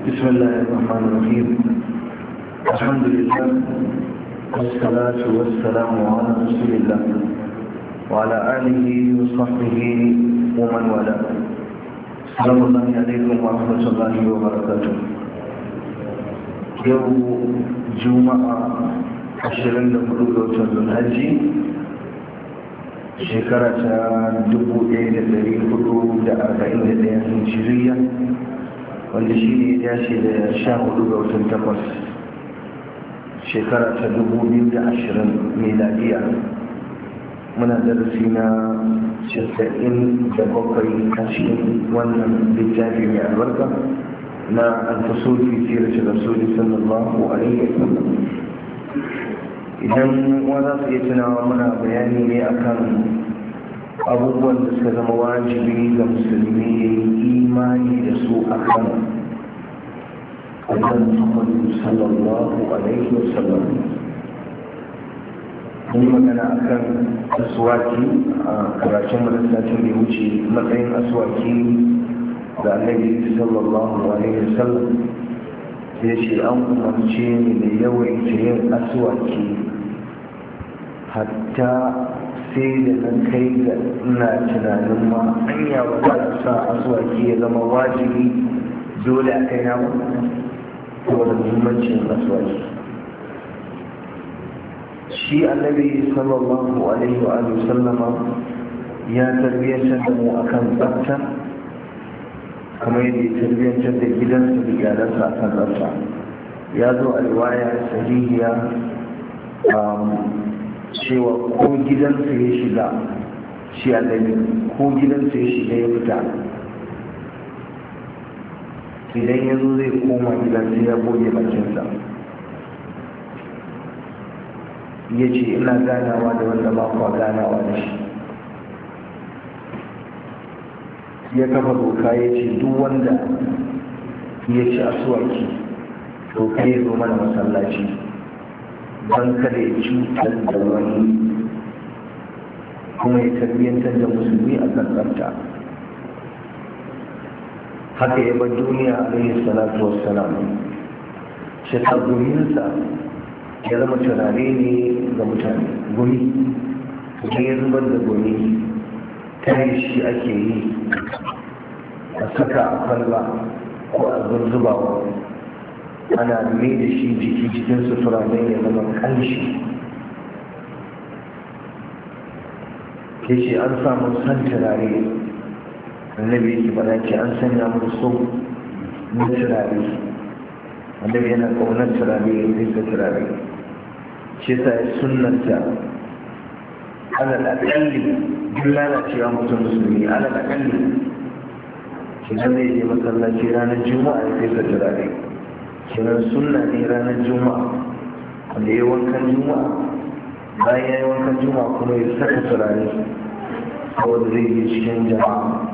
بسم الله الرحمن الرحيم الحمد لله والصلاة والسلام على رسول الله وعلى آله وصحبه ومن والاه السلام الله عليكم ورحمة الله وبركاته يوم جمعة عشرين لفروض وشهر الحج شكرة دبو إيد الذي حدود أربعين هجرية wanda shi ne ya ce da sha hudu ga watan takwas shekara ta dubu biyu da ashirin miladiya muna darasi na casa'in da bakwai a wannan littafi mai albarka na alfasoli fiye da rasuli sallallahu alaihi wasallam idan wani za su iya tunawa muna bayani ne akan abubuwan da suka zama wajibi ga musulmi ya yi imani da su a kan annan muhammadu sallallahu alaihi wasallam mun magana a kan aswaki a karashen marasacin da wuce matsayin aswaki da annabi sallallahu alaihi wasallam ya ce an umarce ni da yawan yin aswaki hatta sai da na kai ga ina tunanin ma hanya ba za a sa aswaki ya zama wajibi dole a kai na saboda muhimmancin asuwaki shi annabi sallallahu alaihi wa sallama ya tarbiyyar da mu akan tsafta kamar yadda ya tarbiyyantar da gidansa da iyalansa akan tsafta ya zo a riwaya sahihiya um, cewa ko gidansa ya shiga shi annabi ko gidansa ya shiga ya fita idan ya zo zai koma gidansa ya goge bakinsa ya ce ina ganawa da wanda ba kuwa ganawa da shi ya kafa doka ya ce duk wanda ya ci asuwarki, to kai zo mana masallaci don kada ya cutar da wani kuma ya tarbiyyantar da musulmi a kankanta haka ya bar duniya alaihi salatu wassalam shi ta guminsa ya zama turare ne ga mutane gumi kuma ya zubar da gumi ta yi shi ake yi a saka a kwalba ko a zurzubawa ana mai da shi jiki cikin sutura ne ya zama kanshi kishi an samu san turare annabi yake bada ke an sanya mun so na turare annabi yana ƙaunar turare ya yi da turare ce sa ya sunanta alal akalli duk lalacewa mutum musulmi alal kalli shi zai je masallaci ranar juma'a ya fesa turare kiran suna ne ranar juma'a wanda ya wankan juma'a bayan ya yi wankan juma'a kuma ya saka turare wanda zai yi cikin jama'a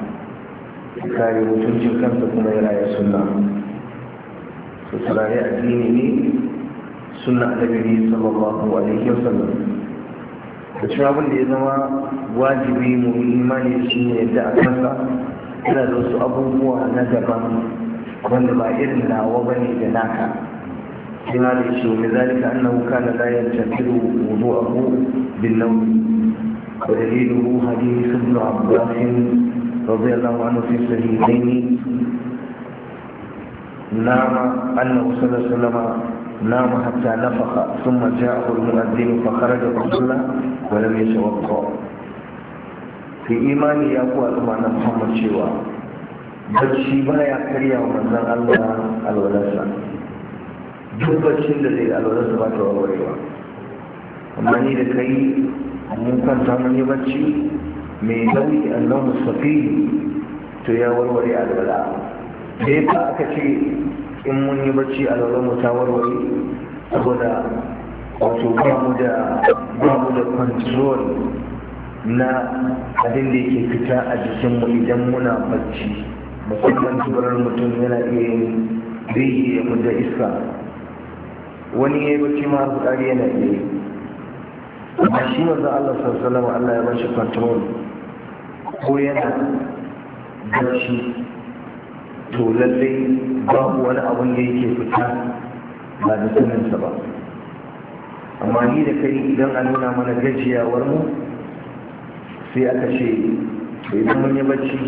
ya kare mutuncin kansa kuma ya raya suna. su turare jini ne suna da gari sallallahu alaihi wasallam da cewa abin da ya zama wajibi mu imani shi ne da a kansa yana da wasu abubuwa na daban wanda ba irin nawa bane da naka kina da shi wa zalika annahu kana la yantakiru wudu'ahu bin nawm wa daliluhu hadith ibn abbas radiyallahu anhu fi sahihaini نام أنه صلى الله عليه وسلم نام حتى نفخ ثم جاءه المؤذن فخرج فصلى ولم يتوضأ في إيماني يقول أمانة محمد شواه bacci ya karya wa manzan Allah alwalarsa duk baccin da zai alwalarsa ba ta warwarewa amma ni da kai mun kwanta mun yi bacci mai nauyi annan musafi to ya warware alwala da ya fa aka ce in mun yi bacci alwalar mu ta warware saboda wato ba mu da ba mu da control na abin da yake fita a jikinmu idan muna bacci musamman tubarar mutum yana iya yin rihi ya iska wani ya yi bacci ma fudari yana iya yi amma shi wanzan allah sassalama allah ya bashi control ko yana bacci to lallai babu wani abun da yake fita ba da saninsa ba amma ni da kai idan a nuna mana gajiyawar mu sai aka ce Idan mun yi bacci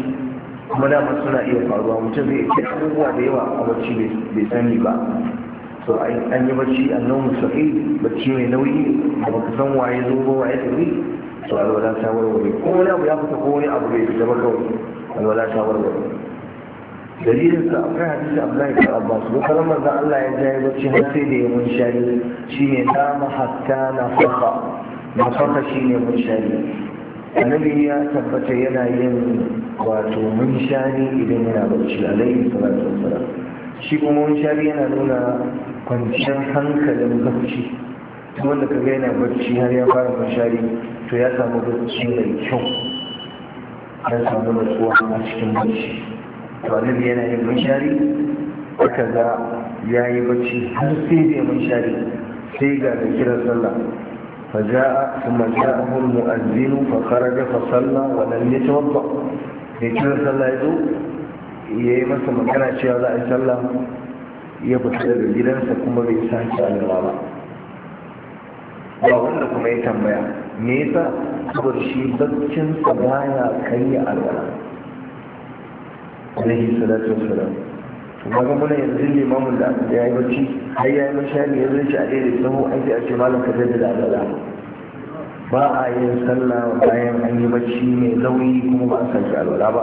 kuma dama suna iya faruwa mutum zai ce abubuwa da yawa a bacci bai sani ba to an yi bacci annon musulmi bacci mai nauyi da baka san waye zo ba waye tafi to alwala ta warware ko wani abu ya fita ko wani abu bai fita ba kawai alwala ta warware dalilin sa akwai hadisi Abdullahi bin Abbas ko karan manzon Allah ya jaye bacci har sai da ya mun shari shine dama hatta na fafa na fafa shine mun shari annabi ya tabbata yana yin wato munshari idan yana a alaihi salatu wassalam shi kuma munshari yana nuna kwanciyar hankalin bacci wanda ka ga yana bacci har ya fara munshari to ya samu bacci mai kyau ya samu natsuwa a cikin bacci to annabi yana yin munshari aka ga ya yi bacci har sai da munshari sai ga da kiran sallah فجاء ثم جاءه المؤذن فخرج فصلى ولم يتوضا لكن صلى يدو yayi masa magana cewa za a yi sallah ya fita daga gidansa kuma bai sake alewa ba ba wanda kuma ya tambaya me yasa saboda shi baccin sa baya kai alwala alaihi salatu wassalam kuma ga muna yanzu limamin da aka ya yi bacci har ya yi mashari ya zai ci a daidai sahu an sai a ce malam ka zai da alwala ba a yin sallah bayan an yi bacci mai nauyi kuma ba a sake alwala ba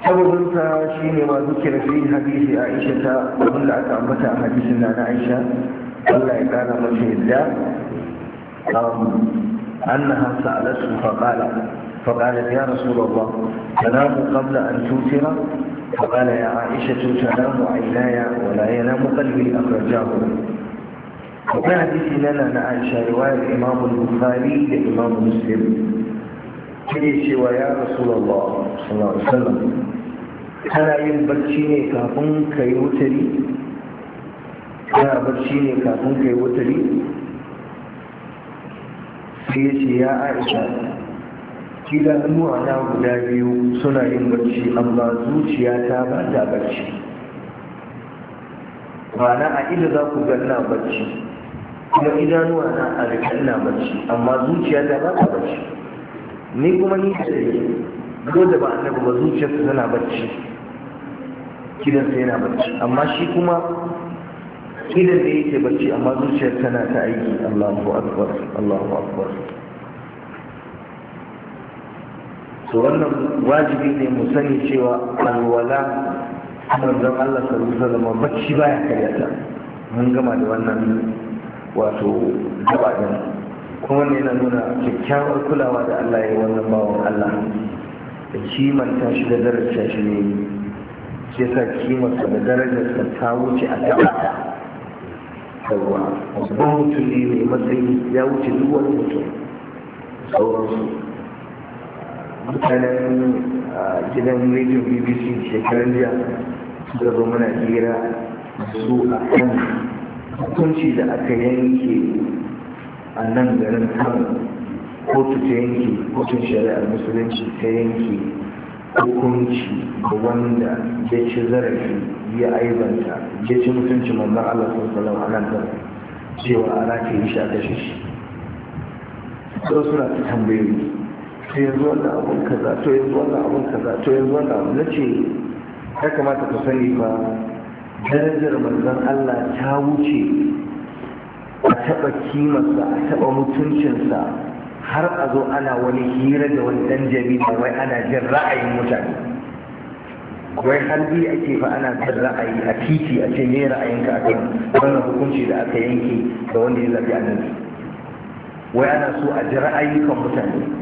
sababinsa shi ne ma zukira fi hadisi aisha ta abin da aka ambata a hadisin na aisha Allah ya kara mace yadda أنها سألته فقال فقالت يا رسول الله تنام قبل أن توتر فقال يا عائشة تنام عيناي ولا ينام قلبي أخرجاه وفي حديث لنا عائشة رواية الإمام البخاري لإمام مسلم كيشي ويا رسول الله صلى الله عليه وسلم أنا يوم بلشيني كافن كيوتري أنا بلشيني كافن كيوتري كيشي يا عائشة idanuwa na guda biyu suna yin barci amma zuciya ta ba ta barci ba a ido za ku ganna barci kuma idanuwa na a na barci amma zuciya ta ba ta barci ni kuma ni da ko da ba annabi ba ta tana barci kidan sai yana barci amma shi kuma kidan da yake barci amma zuciyar tana ta aiki Allahu akbar Allahu akbar to wannan wajibi ne mu sani cewa alwala manzon Allah sallallahu alaihi wasallam bacci baya karyata mun gama da wannan wato gaba kuma ne na nuna kyakkyawar kulawa da Allah ya yi wannan bawan Allah da kimanta shi da darajar shi ne shi yasa ta. da darajarsa ta wuce a tabbata yawa babban mutum ne mai matsayi ya wuce duk wani mutum sauransu mutanen gidan radio bbc shekarun jiya da zo mana hira su a kan hukunci da aka yanke a nan garin kan kotu ta yanke kotun shari'ar musulunci ta yanke hukunci ga wanda ya ci zarafi ya aibanta ya ci mutunci manzan Allah sun salam a nan kan cewa ana ke yi shi a kashe shi. Sau suna tambayoyi to yanzu wannan abun kaza to yanzu wannan abun kaza to yanzu wannan abun ce, ya kamata ku sani ba darajar manzon Allah ta wuce a taɓa kimarsa a taɓa mutuncinsa har a zo ana wani hira da wani ɗan jami'a wai ana jin ra'ayin mutane wai har bi ake fa ana jin ra'ayi a titi a ce me ra'ayinka a kan wannan hukunci da aka yanke da wanda ya zaɓi annabi wai ana so a ji ra'ayyukan mutane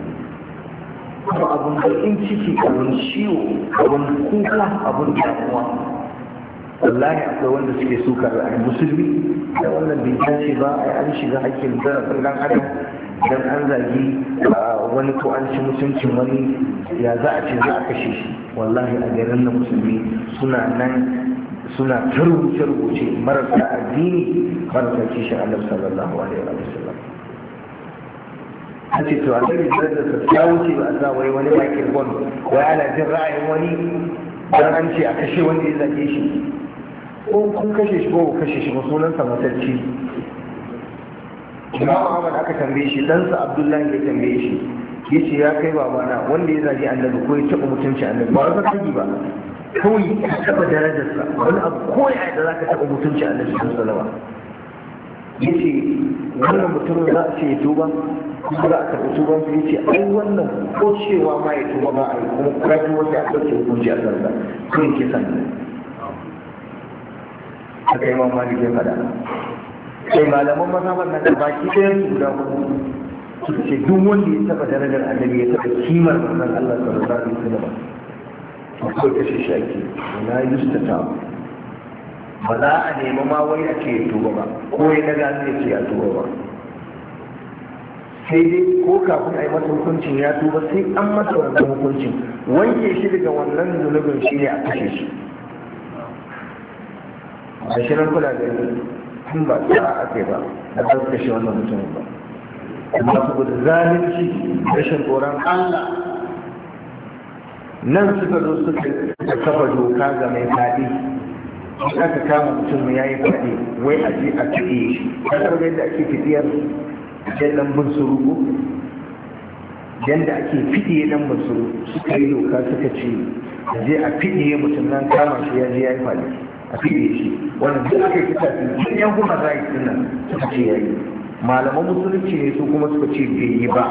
kuma abin in ciki abin ciwo abin kuka abin damuwa wallahi akwai wanda suke sukar a musulmi da wannan bincike ce ba a an shiga hakkin zarafin dan adam dan an zagi wani to an ci wani ya za a ce za a kashe shi wallahi a garin na musulmi suna nan suna ta rubuce-rubuce marasa addini marasa kishin annabi sallallahu alaihi wa sallam a ce to annabi darajarsa ta wuce ba a sa wai wani makin bon wai ana jin ra'ayin wani dan an ce a kashe wanda ya zage shi ko kun kashe shi ko kashe shi sunansa matarci Imam Ahmad aka tambaye shi ɗansa Abdullahi ya tambaye shi ya ya kai babana wanda ya zagi annabi ko ya taɓa mutunci annabi ba wasa yi ba kawai ka taɓa darajarsa wani abu ko ya da za ka taɓa mutunci annabi sallallahu alaihi ya ce wannan mutumin za a ce ya tuba kuma za a karɓi tuban su ya ce ai wannan ko cewa ma ya tuba ba a yi kuma kurafi wanda a ɗauke hukunci a sarda ko ya kisan a kai ma da ke faɗa sai malaman mazhabar na baki ɗaya su guda hudu suka ce duk wanda ya taɓa darajar annabi ya taɓa kimar manzon Allah sallallahu alaihi wasallam to kawai kashe shi ake la yustata ba za a nemi ma wai a ce tuba ba ko ya daga zai ce ya tuba ba sai dai ko kafin a yi masa hukuncin ya tuba sai an masa wannan hukuncin wanke shi daga wannan zunubin shi ne a kashe shi a shirin kula da tun ba ta a kai ba a za su kashe wannan mutum ba amma gudu zalunci rashin tsoron allah nan suka zo suka kafa doka ga mai faɗi in aka kama mutum ya yi faɗi wai a ji a ciki shi ka taɓa yadda ake fitiyar jan lambun surugu, yadda ake fiɗiye lambun suruku suka yi doka suka ce a je a fiɗiye mutum nan kama shi ya ji ya yi faɗi a fiɗiye shi wannan duk aka yi fiye sun yan kuma za yi suna suka ce ya yi malaman musulunci ne su kuma suka ce bai yi ba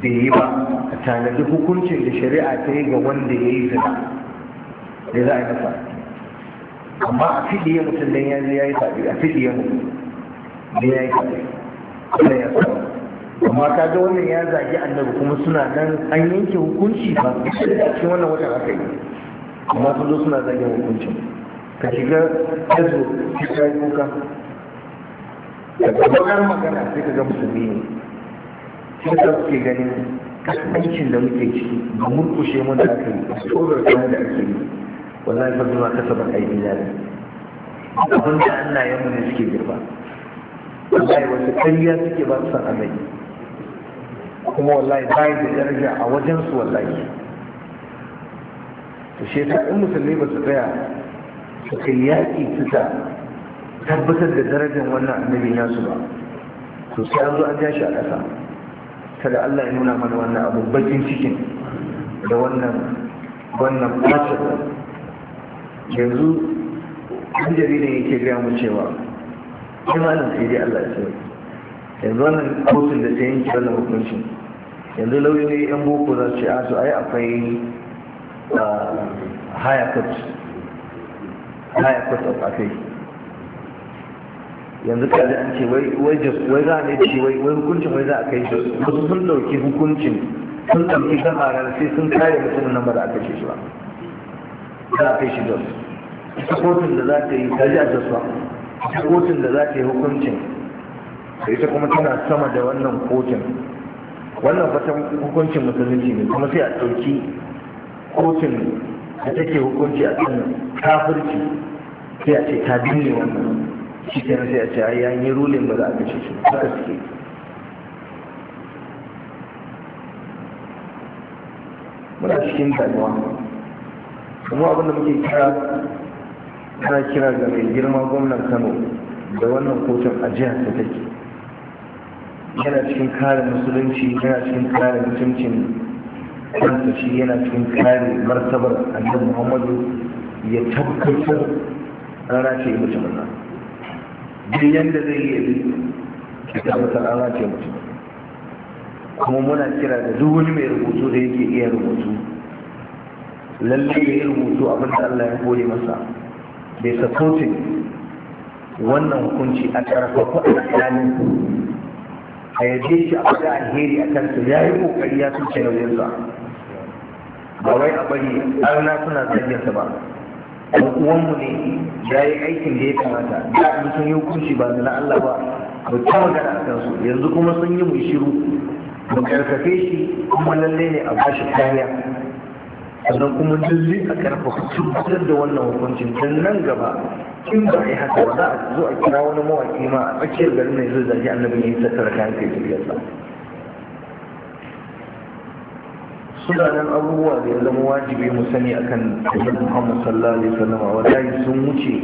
bai yi ba a tanadi hukuncin da shari'a ta yi ga wanda ya yi zina ne za a yi masa amma a fiɗiye mutum don yanzu ya yi sabi a fiɗiye mutum don ya yi sabi Allah ya samu amma ka ga wannan ya zagi annabi kuma suna nan an yanke hukunci ba a cikin wannan watan aka yi amma sun zo suna zagin hukuncin ka shiga yazo ka yi kuka ga gabatar magana sai ka ga musulmi ne sun ka suke ganin kasancin da muke ciki ga murkushe mun da aka yi a tsohon da ake yi wallahi fa bima kasabat aydina Abun da Allah ya mun suke girba wallahi wasu kariya suke ba su san amai kuma wallahi bai da daraja a wajen su wallahi to shi yasa in musulmi ba su tsaya su kai yaƙi suka tabbatar da darajar wannan annabi nasu ba to sai an zo an ja shi a ƙasa kada Allah ya nuna mana wannan abu bakin cikin da wannan wannan bacin yanzu an ne yake gaya mu cewa shi ma nan sai dai Allah ya sai yanzu wannan kotun da ta yanke wannan hukuncin yanzu lauyoyi yan boko za su ce a su ai akwai higher court higher court of akai yanzu kaji an ce wai wai za ne ce wai hukuncin wai za a kai shi wasu sun dauki hukuncin sun ɗauki gafarar sai sun kare mutum nan ba da aka ce shi ba za a kai shi jos ita kotun da za ta yi ta ji a jasuwa ita kotun da za ta yi hukuncin da ita kuma tana sama da wannan kotun wannan fata hukuncin musulunci ne kuma sai a ɗauki kotun da take hukunci a kan kafirci sai a ce ta binne wannan shi ta sai a ce a an yi rulin ba za a kashe shi haka suke muna cikin damuwa kuma abinda muke kira ana kira ga mai girma gwamnan kano da wannan kotun a jihar ta take yana cikin kare musulunci yana cikin kare mutuncin kansa shi yana cikin kare martabar annabi muhammadu ya tabbatar rana ce mutum na duk yadda zai yi ya tabbatar rana ce mutum kuma muna kira da duk wani mai rubutu da yake iya rubutu Lallai ya yi rubutu abin Allah ya gode masa bai sakotin wannan hukunci a karfafa a tsakanin a yaje shi a faɗa alheri a kansa ya yi ƙoƙari ya tuce nauyinsa ba wai a bari arna suna zarginsa ba ɗan uwanmu ne ya yi aikin da ya kamata da abin sun yi hukunci ba na Allah ba ba ta magana a kansu yanzu kuma sun yi mai shiru mu karfafe shi kuma lallai ne a bashi kariya sannan kuma duk a karfafa cutar da wannan hukuncin don nan gaba in ba a yi haka ba za a zo a kira wani mawaƙi ma a tsakiyar garin mai zai zaki annabi ya yi tattara kayan kai tafiyarsa suna nan abubuwa da ya zama wajibi mu sani akan annabi Muhammad sallallahu alaihi wasallam wallahi sun wuce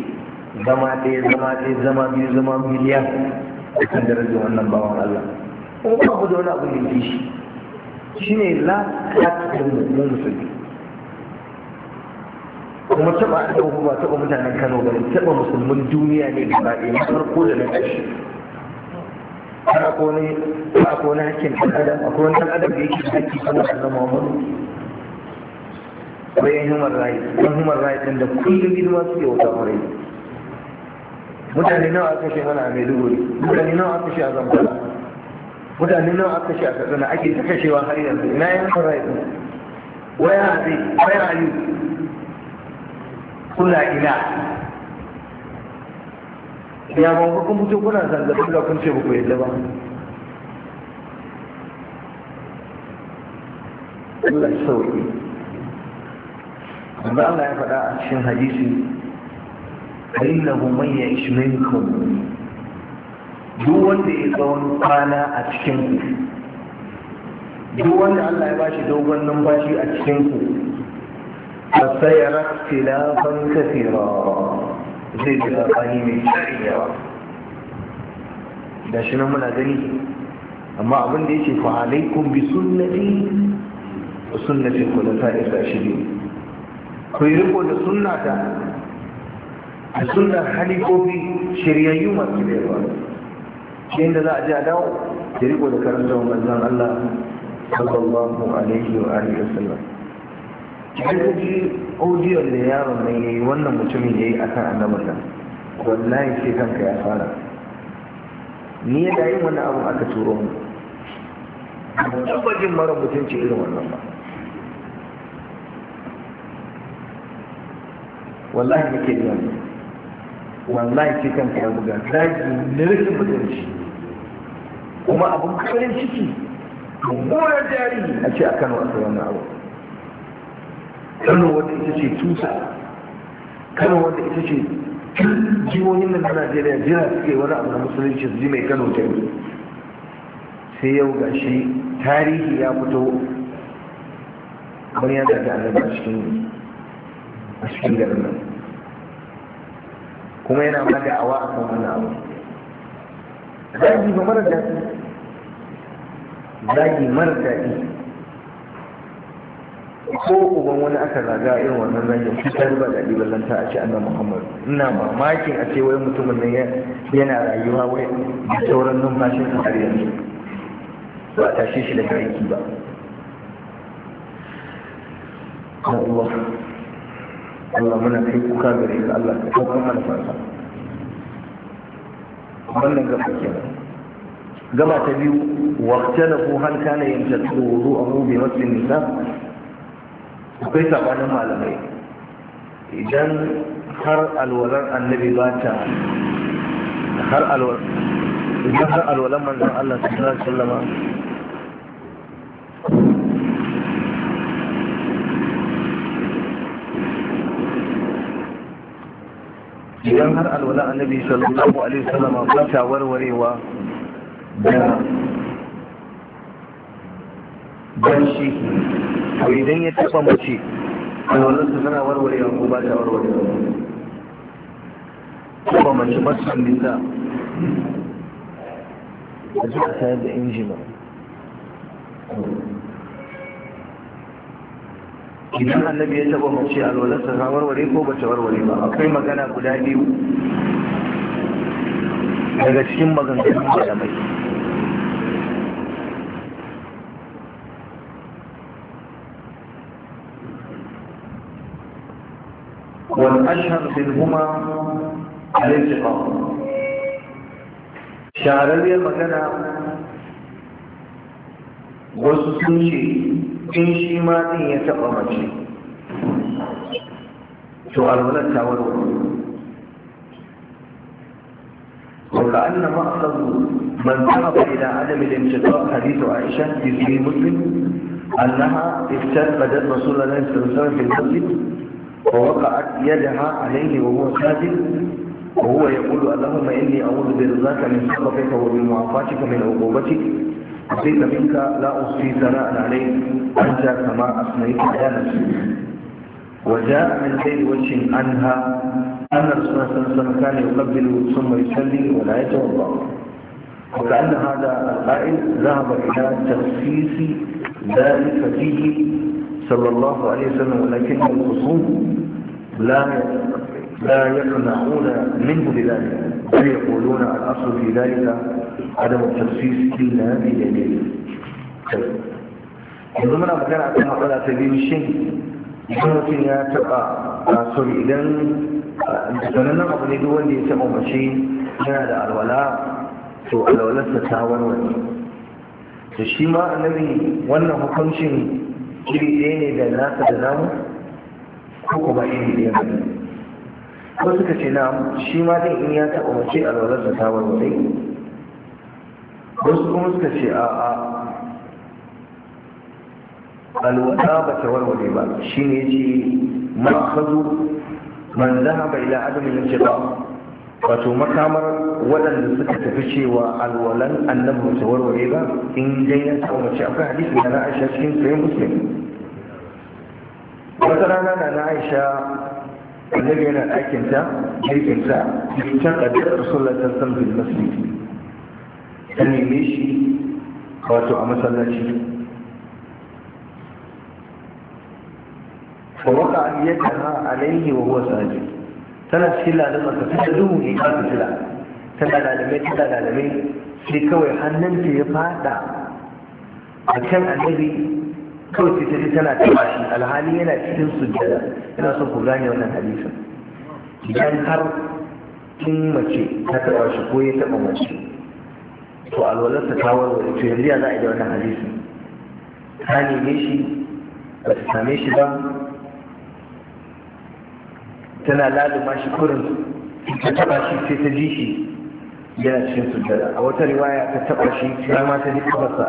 zama ɗaya zama ɗaya zama biyu zama miliyan kan darajar wannan bawan Allah kuma ba ku da wani abu ne shi shine la ta mu musulmi kuma taba adam ba taba mutanen kano ba taba musulmin duniya ne ba ɗaya na farko da na ƙarshe har ne ba ko na hakkin ɗan adam akwai wani ɗan adam da yake da hakki kuma a zama wani yin human rights ɗan human rights ɗin da kullum hidima suke wata kwarai mutane nawa aka shi mana a maiduguri mutane nawa aka shi a zamfara mutane nawa aka shi a katsina ake ta kashewa har yanzu ina yin human rights ɗin waya a waya a yi. suna ina ya ba kun fito kuna zanga-zanga kun ce ku yadda ba Allah sauki amma Allah ya faɗa a cikin hadisi فإنه من يعيش منكم duk wanda ya tsawon kwana a cikin ku. duk wanda Allah ya bashi dogon numfashi a cikin ku. فسيرى اختلافا كثيرا zai ji tsakani mai tsarin yawa da shi muna gani amma abin da yake fa'alaikun bi sunnati wa sunnati ku da ta'isa shi ne ku yi riko da sunnata a sunnar shiryayyu masu da yawa shi za a ji a dawo da da karanta manzon Allah sallallahu alaihi wa alihi wa sallam ji audiyon da yaron nan yi wannan mutumin yi a kan annabin nan wallahi sai kanka ya fara ni ya da yin wannan abu aka turo mu tabbajin mara mutunci irin wannan ba wallahi nake yi wannan wallahi sai kanka ya buga zaki na rikin mutunci kuma abin karin ciki mummunar jari a ce a kano a wannan abu kano wanda ita ce tusa kano wanda ita ce tun jihohin nan na najeriya jira suke wani abu na musulunci su ji mai kano ta yi sai yau ga shi tarihi ya fito yadda ta zaga annabi cikin a cikin garin nan kuma yana ma da awa a kan wani abu zagi ba mara daɗi zagi mara daɗi ko uban wani aka zaga irin wannan zagin kusan ba daɗi ballanta a ce annan muhammadu, ina mamakin a ce wai mutumin nan yana rayuwa wai da sauran numfashin a har yanzu ba a tashe shi da aiki ba Allah Allah muna kai kuka gare ka Allah ka kawo mana farsa wannan gaba kenan gama ta biyu waqtalafu hal kana yamtatu wudu'ahu bi masjidin nisa akwai sabanin malamai idan har alwalar annabi ba ta har idan har alwalar manzan Allah sallallahu alaihi wasallama idan har alwalar annabi sallallahu alaihi wasallama ba ta warwarewa da Ganshi, to idan ya taba mace alwalar su tana warware ko ba ta warware ko ba mace masu nisa a ji a sayar da injina idan annabi ya taba mace a alwalarsa ta warware ko ba ta warware ba akwai magana guda biyu daga cikin maganganun mai. والأشهر منهما الانتقام شعرية مكانها wasu sun ce in shi ma ɗin ya taɓa mace to ولا أن مقصد من ذهب إلى عدم الانتقاء حديث عائشة في مسلم أنها استشهدت رسول الله صلى الله عليه وسلم في المسجد ووقعت يدها عليه وهو ساجد وهو يقول اللهم إني أعوذ برضاك من سخطك وبمعافاتك من عقوبتك أعطيك منك لا أصفي ثناء عليك أنت كما أثنيت على نفسي وجاء من غير وجه عنها أن رسول الله صلى الله عليه وسلم كان يقبل ثم يصلي ولا يتوضأ وكأن هذا القائل ذهب إلى تخصيص ذلك فيه صلى الله عليه وسلم ولكن الخصوم لا لا يقنعون منه بذلك بل يقولون الاصل في ذلك عدم التخصيص الا بدليل طيب. ضمن افكار عبد الله سبيل الشيخ يمكن ان تبقى آه، سوري اذن مثلا نقض لدول يسمو مشي جاد الولاء سوء الولاء ستاون وجه الشيماء الذي ونه كل شيء iri ɗaya ne da nasa da namu ko kuma iri ɗaya ba ne ko suka ce na shi ma din in ya taɓa mace a laurar da ta warware wasu kuma suka ce a a alwada ba ta warware ba shi ne ce ma hazu man zaha bai yin adamin ba wato makamar waɗanda suka tafi cewa alwalan annabi ta warware ba in dai ya samu mace akwai hadisi da na aisha cikin sayin muslim wata rana na na aisha annabi yana ɗakinta girkinta ta ƙaddar rasulullah ta san bil masjid ta neme shi wato a masallaci فوقع يدها عليه وهو ساجد ثلاث سلة لما تفتدوه إيقاف سلة tana lalame tana lalame sai kawai hannunta ya fada a kan annabi kawai sai ta tana taba shi alhali yana cikin sujjada yana son ku gane wannan hadisin idan har kin mace ta taba shi ko ya taba mace to alwalarsa ta warware to yanzu ya za a yi da wannan hadisin ta neme shi ba ta same shi ba tana laluma shi kurin ta taba shi sai ta ji shi yana cikin sujjada a wata riwaya ta taɓa shi ya ma ta dika masa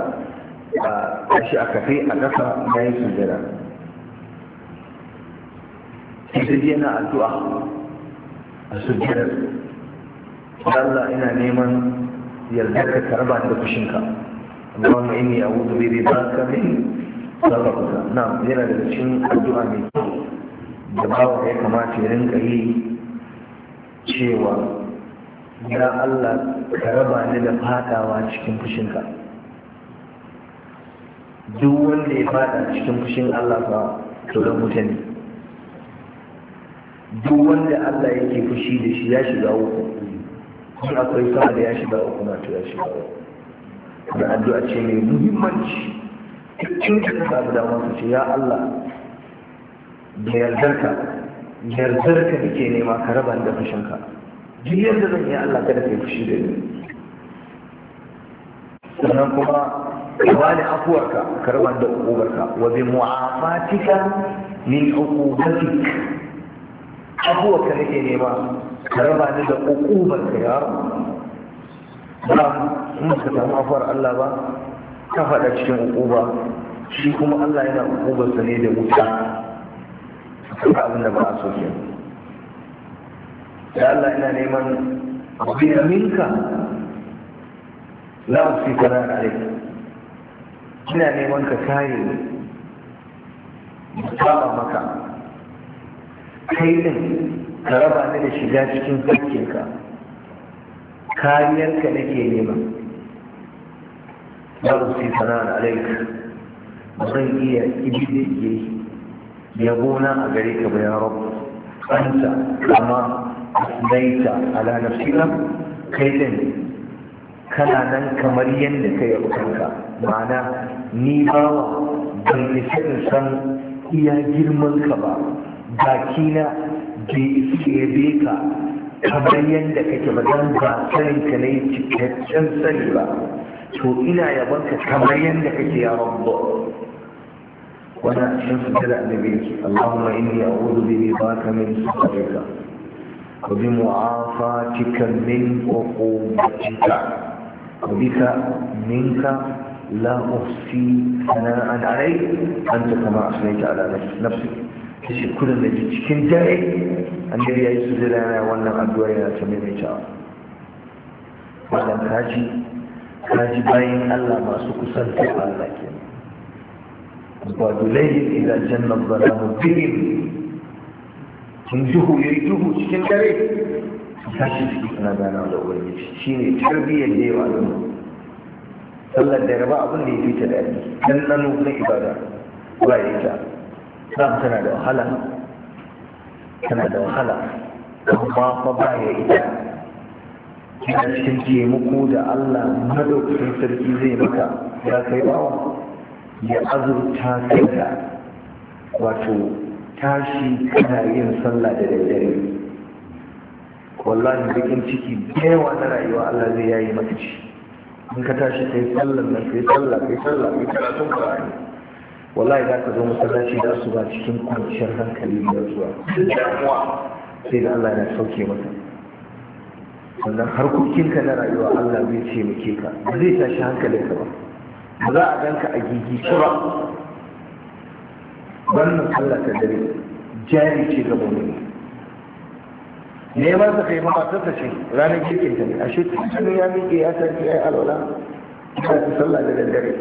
a shi a kafe a kasa ya yi sujjada sai yana addu'a a sujjadar Allah ina neman yardar ka raba da fushinka Allahumma inni a'udhu bi ridaka min na yana da cikin addu'a mai kyau da bawa ya kamata ya rinka yi cewa ya Allah ka raba ni da fadawa cikin fushinka duk wanda ya fada cikin fushin Allah fa to da mutane duk wanda Allah yake fushi da shi ya shiga uku kun akwai sama da ya shiga uku na to ya shiga uku da addu'a ce mai muhimmanci cikin da ka da damar su ce ya Allah da yardarka yardarka da ke nema ka raba da fushinka duk yadda zan yi Allah kada kai fushi da ni sannan kuma ka bani afuwarka ka da ukubarka wa bi mu'afatika min ukubatik afuwarka nake nema ka ni da ukubarka ya ba in ka samu afuwar Allah ba ka faɗa cikin ukuba shi kuma Allah yana ukubarsa ne da wuta ka abin da ba a so kenan Ya Allah ina neman abin aminka la usika na alai ina neman ka kare ni saba maka kai din ka raba ni da shiga cikin hakkinka ka nake nema la usika na alai ba zan iya yabo na a gare ka ba rabu anta kama zaita a ranar shirin kai din kana nan kamar yadda ka yi rukunka ni bawa bai isa in san iya girmanka ba baki na bai isa ya ka kamar yadda kake ba don ba sanin ka ne cikakken sani ba to ina yabonka kamar yadda kake ya rabu وانا اشهد ان لا اله الا انت اللهم اني اعوذ بك من شر ذلك وبمعافاتك من عقوبتك وبك منك لا أحصي ثناء عليك أنت كما أثنيت على ta kashe kudin da ke cikin dare annabi ya yi su da rana wannan addu'ar yana ta maimaita wannan kaji kaji bayan Allah masu kusanta Allah ke ba dulai idan jannat zalamu bihim sai duhu ya yi duhu cikin dare Ta shi ciki suna gana da ubangiji shi ne tarbiyyar da yawa da sallar da raba abin da ya fi ta daɗi dan ɗano na ibada ba ya ita za tana da wahala tana da wahala amma fa ba ya ita kina cikin taimako da Allah madaukakin sarki zai maka ya kai bawa ya azurta kai wato tashi kana yin sallah da daddare wallahi bikin ciki da yawa na rayuwa Allah zai yayi maka shi in ka tashi kai sallar nan kai sallah kai sallah kai karatun Qur'ani wallahi za ka zo masallaci da su ba cikin kwanciyar hankali da zuwa damuwa sai da Allah ya sauke maka Wannan harkokinka na rayuwa Allah zai ce muke ka ba zai tashi hankalinka ba ba za a ganka a gigice ba wannan sallah ta dare jari ce ga mu'mini neman ba ta kai mafa ta ce ranar kirkin ta ne a shekaru ya miƙe ya sarki ya yi alwala ta ta sallah da daddare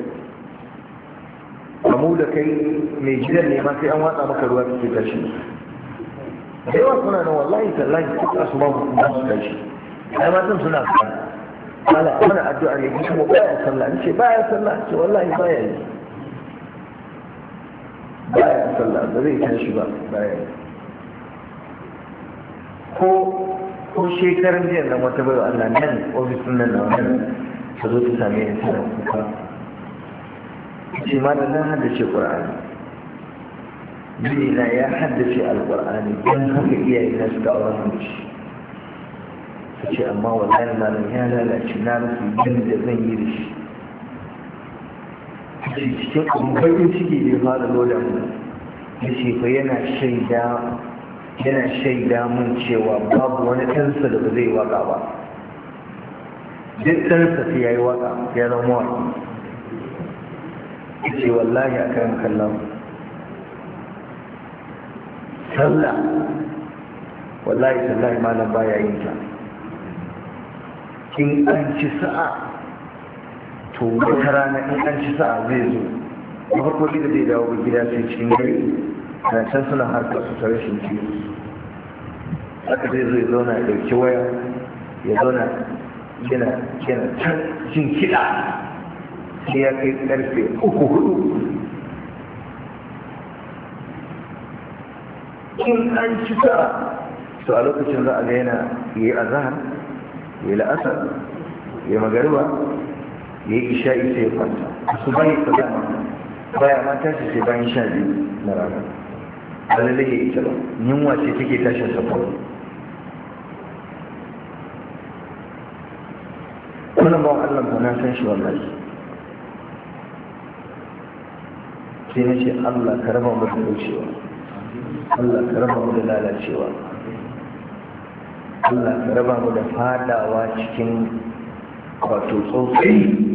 kamu da kai mai gidan ne ma sai an watsa maka ruwa ke tashi da yawa suna nan wallahi tallahi duk asuba ba su tashi ai matan suna kwana ana addu'a ne kuma baya sallah ce ya salla ce wallahi baya yi ba ya sallah da zai tashi ba ba ya ko ko shekaran jiya nan wata bai Allah nan ofisin nan na wannan ta zo ta same ni tana kuka ce ma da nan haddace Qur'ani Jinina ya haddace Al-Qur'ani don haka iyaye na suka auren da shi ta ce amma wallahi malam ya lalace na rufe yin da zan yi da shi da cikin abin ciki ne ya da loda mu ya ce fa yana shaida yana mun cewa babu wani ɗansa da ba zai waka ba duk ɗansa ta ya yi waka ya zama waki ya ce wallahi a kan kallon sallah wallahi sallahi malam baya yin ta in an ci sa'a to wata rana in an ci sa'a zai zo na farko da zai dawo gida sai cikin gari na can suna harka su tare shi ciwo haka zai zo ya zauna ya ɗauki waya ya zauna yana yana can jin kiɗa sai ya kai ƙarfe uku hudu in an ci sa'a to a lokacin za a ga yana yi azahar yi la'asar yi magariba ya yi isha isa ya kwanta a su bayi zama baya ma tashi sai bayan sha biyu na rana a lalle ya ita ba yunwa ce take tashin safo Kuna ba Allah ba na san shi wallahi sai na ce Allah ka raba mu da wucewa Allah ka raba mu da lalacewa Allah ka raba mu da fadawa cikin wato tsotsai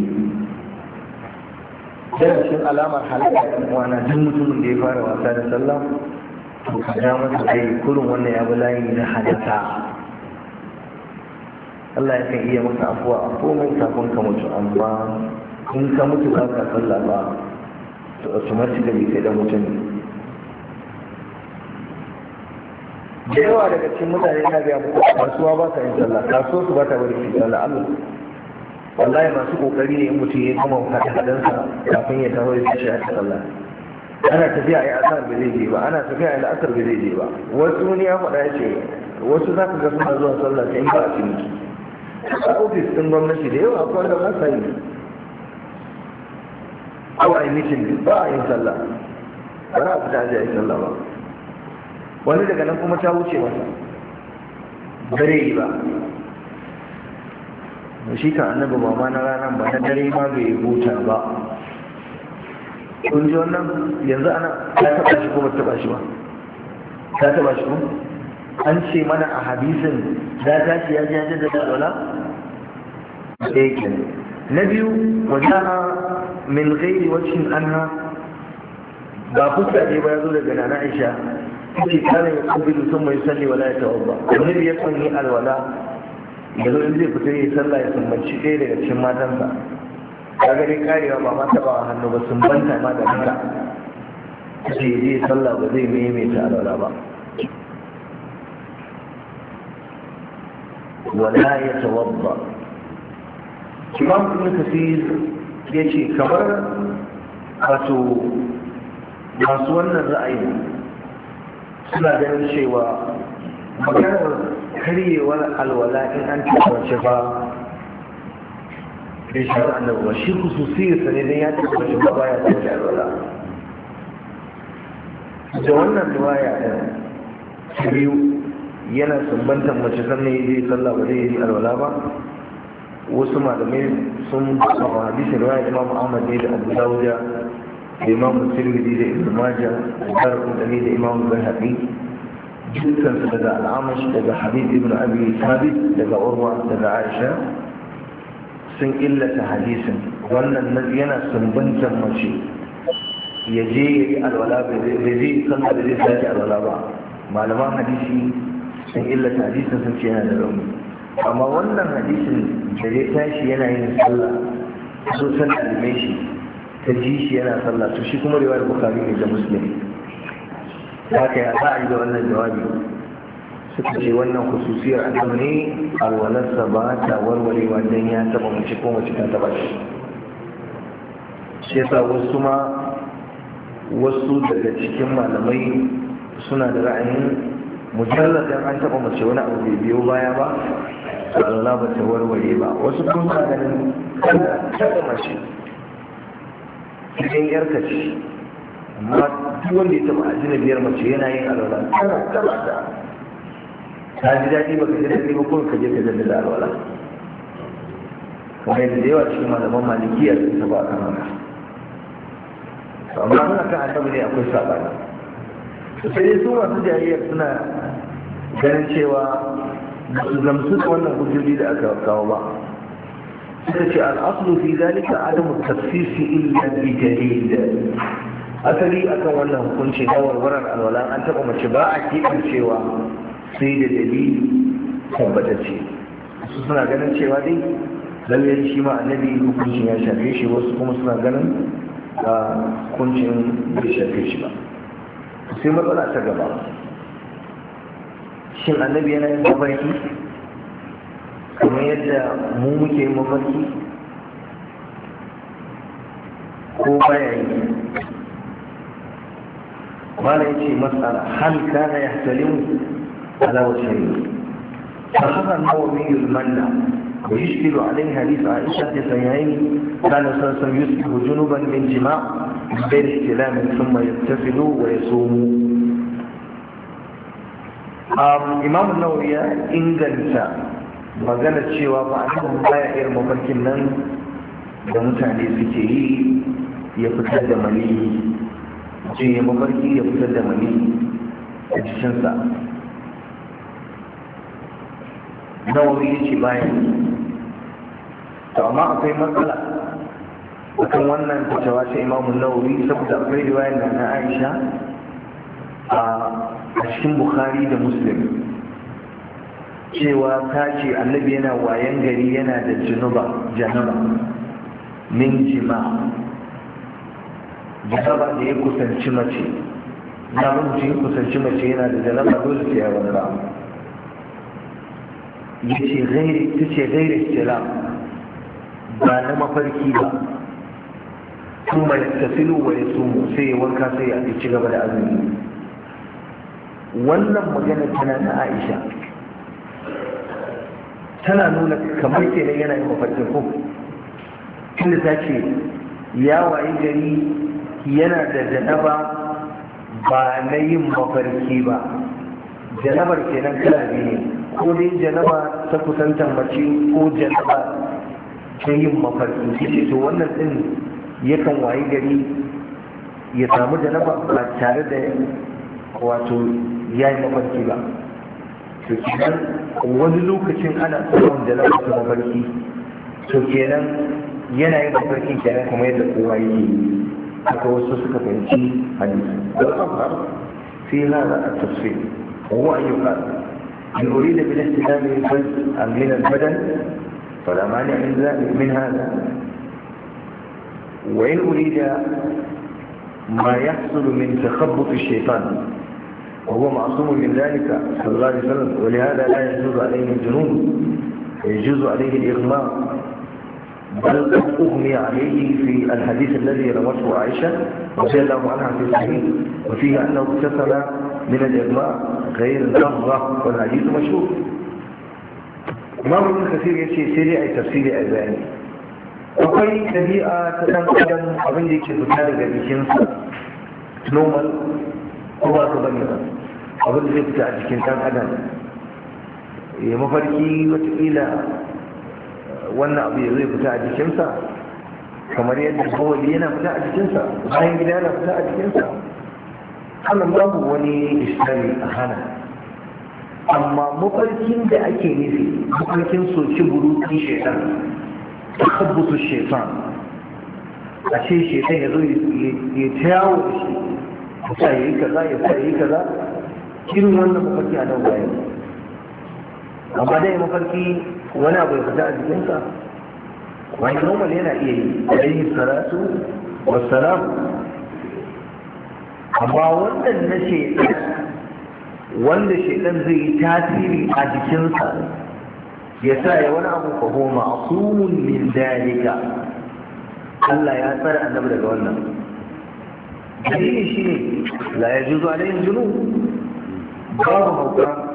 yana cikin alamar halaka wana duk mutumin da ya fara wasa da sallah to ka ja masa dai kurin wannan ya bi layi na halitta Allah ya kan iya maka afuwa a komai kafin ka mutu amma in ka mutu ba ka sallah ba to automatically sai da mutum da yawa daga cikin mutane na gaya muku kasuwa ba ta yin sallah kasuwa su ba ta bari fi sallah Allah wallahi masu kokari ne in mutum ya gama haɗe haɗensa kafin ya taho ya shi a sallah ana tafiya ai asar ba zai je ba ana tafiya ai asar ba zai je ba wasu ne ya faɗa ya ce wasu za ka ga suna zuwa sallah sai ba a ciniki a ofis ɗin gwamnati da yawa akwai wanda ba sa yi ko a yi mitin ba a yin sallah ba za a fita a yi sallah ba wani daga nan kuma ta wuce masa bare yi ba shi ka annabi ba ma na ranar ba na dare ma bai huta ba kun ji wannan yanzu ana ta taba shi ko ba taba shi ba ta taba shi ko an ce mana a hadisin da ta ce ya ji hajjar da dalwala ɗaya na biyu wajaha min ghairi wacin anha ba fuska ne ba ya zo daga nana aisha ce kana ya kubi sun mai salli wala ya tawabba annabi ya kan yi alwala da zai zai fita yi sallah ya sumbanci ɗaya daga cikin matansa ya gani karewa ba mata ba hannu ba sumbanta ma da haka sai zai sallah ba zai maimaita alaura ba wala ya tawabba imam ibn kasir ya ce kamar wato masu wannan ra'ayi suna ganin cewa maganar karyewar alwala in an tabbace ba bai shafi annabi ba shi khususiyarsa sani don ya tabbace ba ba ya tabbace alwala da wannan riwaya ta biyu yana sumbantar mace sannan ya zai sallah ba zai yi alwala ba wasu malamai sun kawo hadisin riwaya imam ahmad ne da abu dawuda da imam musulmi da ibn majah da darar da imam bai haɗi dukkan daga al'amash daga hadith ibn abi thabit daga urwa daga aisha sun illata hadisin wannan yana sumbantar mace ya je ya yi alwala bai zai san da zai sake alwala ba malaman hadisi sun illata hadisin sun ce yana da rauni amma wannan hadisin da ya tashi yana yin sallah so san ɗalibai shi ta ji shi yana sallah to shi kuma riwayar bukari ne da muslim za ka yi za a yi da wannan jawabi suka ce wannan hususiyar adam ne alwalarsa ba ta warwarewa don ya taba mace ko mace ta taba shi shi yasa wasu ma wasu daga cikin malamai suna da ra'ayin mujalladan an taba mace wani abu bai biyo baya ba Allah ba ta warware ba wasu kun sa ganin kada mace cikin yarka ce amma duk wanda ya taɓa biyar mace yana yin alwala tana tana da ta ji daɗi ba ka ji daɗi ba kuma ka je ka jaddada alwala kuma yadda da yawa cikin malaman malikiya sun taɓa kan haka amma suna kan annabi ne akwai saɓani sai dai su masu jariyar suna ganin cewa ba su gamsu da wannan hujjoji da aka kawo ba suka ce al'aslu fi zalika adamu tafsisi illa bi dalil asali akan wannan hukunci na warwarar alwala an taɓa mace ba a cewa sai da dalili tabbatacce su suna ganin cewa dai lallai shi ma annabi hukuncin ya shafe shi wasu kuma suna ganin a ah, hukuncin bai shafe shi ba sai matsala ta gaba shin annabi yana yin mafarki kamar yadda mu muke yin mafarki ko baya wala ya ce matsala hal kana um, ya halin alawar shari'a fasuhar mawami yulmanna ko yi a ɗin hadisa Aisha ta sanyayi ta na san san yusuf hujunu ban jima bai da ke lamin wa ya so mu imamu inganta magana cewa ba a nan baya irin mafarkin nan da mutane suke yi ya fitar da maliyyi mutum ya mafarki ya fitar da mani a cikinsa nawawi ya ce bayan to amma akwai matsala akan wannan cewa ta imamu nawawi saboda akwai riwayar da na aisha a cikin bukhari da muslim cewa ta ce annabi yana wayan gari yana da januba janaba min jima'a janaba da ya kusanci mace na mutum ya kusanci mace yana da janaba dole sai ya wani ramu ce gairi tace gairi istila ba na mafarki ba Tun mai tafilu wa ya sumu sai ya wanka sai ya ci gaba da azumi wannan magana tana na Aisha tana nuna kamar kenan yana yin mafarkin ko tunda ta ce ya waye gari yana da janaba ba na yin mafarki ba janabar kenan kala biyu ko dai janaba ta kusantar mace ko janaba ta yin mafarki shi to wannan din yakan wayi gari ya samu janaba ba tare da wato ya yi mafarki ba to kenan wani lokacin ana samun janaba ta mafarki to kenan yana yin mafarki kenan kuma yadda kowa yake حتى وسوسك فهمتي حديث والأظهر في هذا التفصيل وهو أن يقال إن أريد بالاحتلال الجزء أم من البدن فلا مانع من ذلك من هذا وإن أريد ما يحصل من تخبط الشيطان وهو معصوم من ذلك صلى الله عليه وسلم ولهذا لا يجوز عليه الجنون يجوز عليه الإغلاق بل أغمي عليه في الحديث الذي رواته عائشة وفي الله عنها في الصحيح وفيه أنه كسر من الإغماء غير الجهرة والحديث مشهور ما مرض كثير يشي سريع تفسير أذاني وفي كبيئة تتن قدم عندك بكالي قبل كنسا تنومل هو تضمنا أبدو في بتاعتك كنسان أدم يمفركي وتقيله wannan abu ya zai fita a jikinsa kamar yadda kawai yana fita a jikinsa bayan gida yana fita a jikinsa hannun babu wani islami a hana amma mafarkin da ake nufi mafarkin soki burukin shaitan tabbutu shaitan a ce shaitan ya zo ya ta yawo da shi ya yi kaza ya yi kaza irin wannan mafarki a nan bayan amma dai mafarki wani abu ya fita a jikinka wani normal yana iya yi alaihi salatu wassalam amma wannan na shaidan wanda shaidan zai yi tasiri a jikinsa ya sa ya wani abu ko homa asumun min dalika Allah ya tsara annabi daga wannan dalili shine la yajuzu alaihim junub babu hauka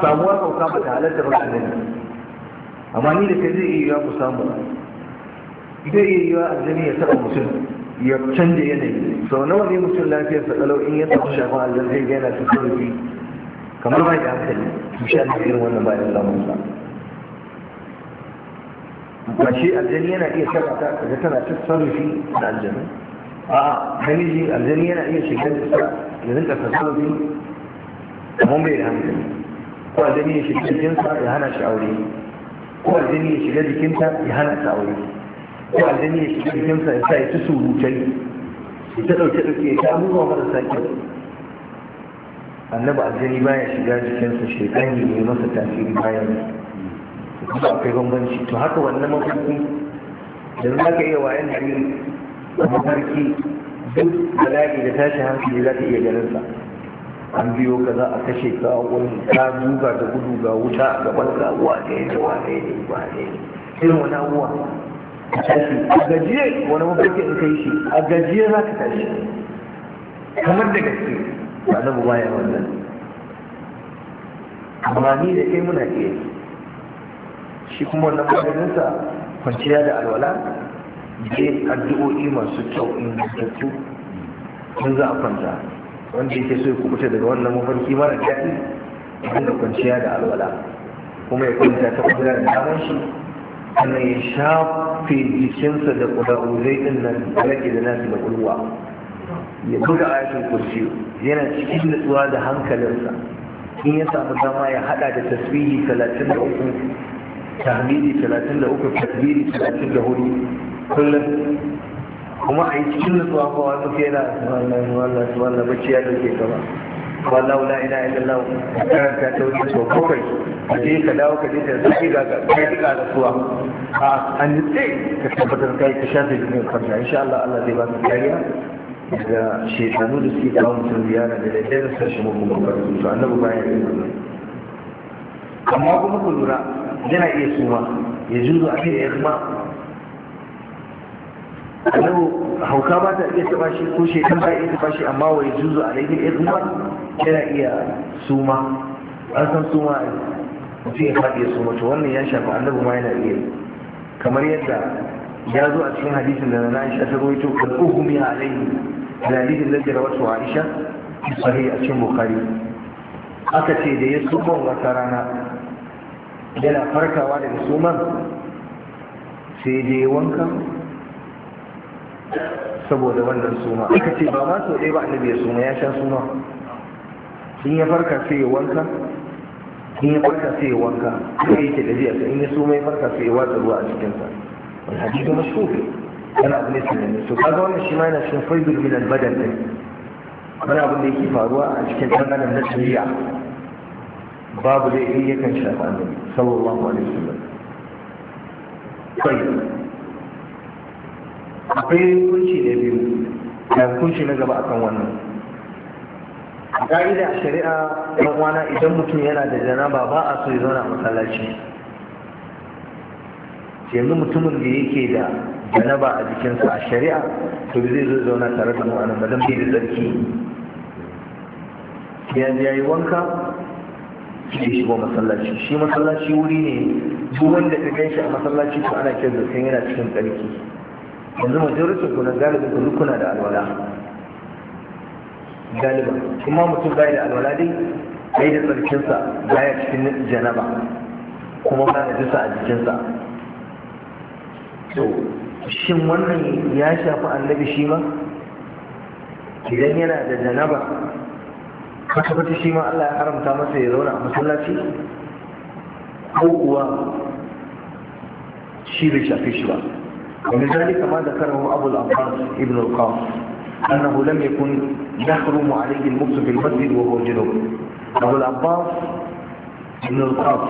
samuwar sauka ba ta halatta ba su amma ni da kai zai iya yiwuwa ku samu zai iya yiwa aljani ya taɓa mutum ya canja yanayi sau nawa ne mutum lafiyar sa kalau in ya samu shafin aljan zai ga yana cikin rufi kamar ba ya hankali to shi ana irin wannan bayan samun sa ba shi aljani yana iya taɓa ta kaga tana cikin rufi da aljanu a'a namiji aljani yana iya shigar da sa ya rinka tasarrufi mun bai da hankali ko aljani ya shiga jikinsa ya hana shi aure ko aljani ya shiga jikinta ya hana ta aure ko aljani ya shiga jikinsa ya sa ya ci surutai ta ɗauke ɗauke ya ta abubuwa marasa kyau annaba aljani baya shiga jikinsa shekani ne masa tasiri bayan kuma akwai bambanci to haka wannan mafarki da za ka iya wayan gari mafarki duk bala'i da tashi hankali za ka iya ganin sa an biyo ka za a kashe ka wani ta duga da gudu ga wuta a gaban ka wa ne wa ne wa ne irin wani abuwa a tashi a gajiye wani mafarki in kai shi a gajiye za ka tashi kamar da gaske ba na baya wannan amma ni da kai muna ke shi kuma wannan maganinsa kwanciya da alwala je addu'o'i masu kyau in ingantattu in za a kwanta wanda yake so ya kubuta daga wannan mafarki mara daɗi a da kwanciya da alwala kuma ya kwanta ta kudura da damar shi kuma ya shafe jikinsa da kuduruzai ɗin nan da rage da nasu da kulwa ya buga ayatul kursi yana cikin nutsuwa da hankalinsa in ya samu dama ya hada da tasbihi 33 tahmidi 33 takbiri 34 kullum kuma a yi cikin nutsuwa ko wani fiye da subhanallahi wallahi subhanallahi bacci ya dauke ka ba wallahu la ilaha illallah karanta ta wuce so bakwai a je ka dawo ka je ta sai ga ga kai ka da suwa a an nitse ka tabbatar kai ka shafe dukkan farka insha Allah Allah zai ba ka kariya daga shekaru da suke kawo mutum ziyara da da ɗaya sa shi muku babbar su annabi bayan yin wannan amma kuma ku lura yana iya suma ya juzu a kai ya kuma annabu hauka ba ta iya taba shi ko shekan ba iya taba shi amma wai juzu a laifin irin ba yana iya suma an san suma a mutum ya faɗi ya suma to wannan ya shafi annabu ma yana iya kamar yadda ya zo a cikin hadisin da na aisha ta rawaito kan uhumi a alaihi da hadisin da wasu aisha sahih a cikin bukhari aka ce da ya suma wata rana yana farkawa daga suman sai dai wanka saboda wannan suma aka ce ba ma sau ɗaya ba annabi ya suma ya sha suma in ya farka sai ya wanka in ya farka sai ya wanka sai yake da jiya in ya suma ya farka sai ya watsa ruwa a cikinsa wani hadisi mashhur yana abu ne tunani to ga wannan shi ma yana cikin faidul min al badan din wani abu da yake faruwa a cikin ɗan adam na shari'a babu zai iya kan shafa annabi sallallahu alaihi wasallam akwai kunci ne biyu da kunci na gaba akan wannan a ka'ida a shari'a ɗan wana idan mutum yana da janaba ba a so ya zauna a masallaci yanzu mutumin da yake da janaba a jikinsa a shari'a to zai zo zauna tare da mu ba don da tsarki ya yi wanka shi shigo masallaci shi masallaci wuri ne duk wanda ka gan shi a masallaci ko ana kyan zaton yana cikin tsarki yanzu majalisar kuna galibin ku kuna da alwala galiba kuma mutum bai da alwala dai bai da tsarkinsa baya cikin janaba kuma ba da jisa a jikinsa to shin wannan ya shafi annabi shi ma idan yana da janaba kwata-kwata shi ma Allah ya haramta masa ya zauna a masallaci ko kuwa shi bai shafe shi ba ولذلك ما ذكره أبو الأنصار ابن القاص أنه لم يكن يحرم عليه المبس في المسجد وهو جنوب أبو العباس ابن القاص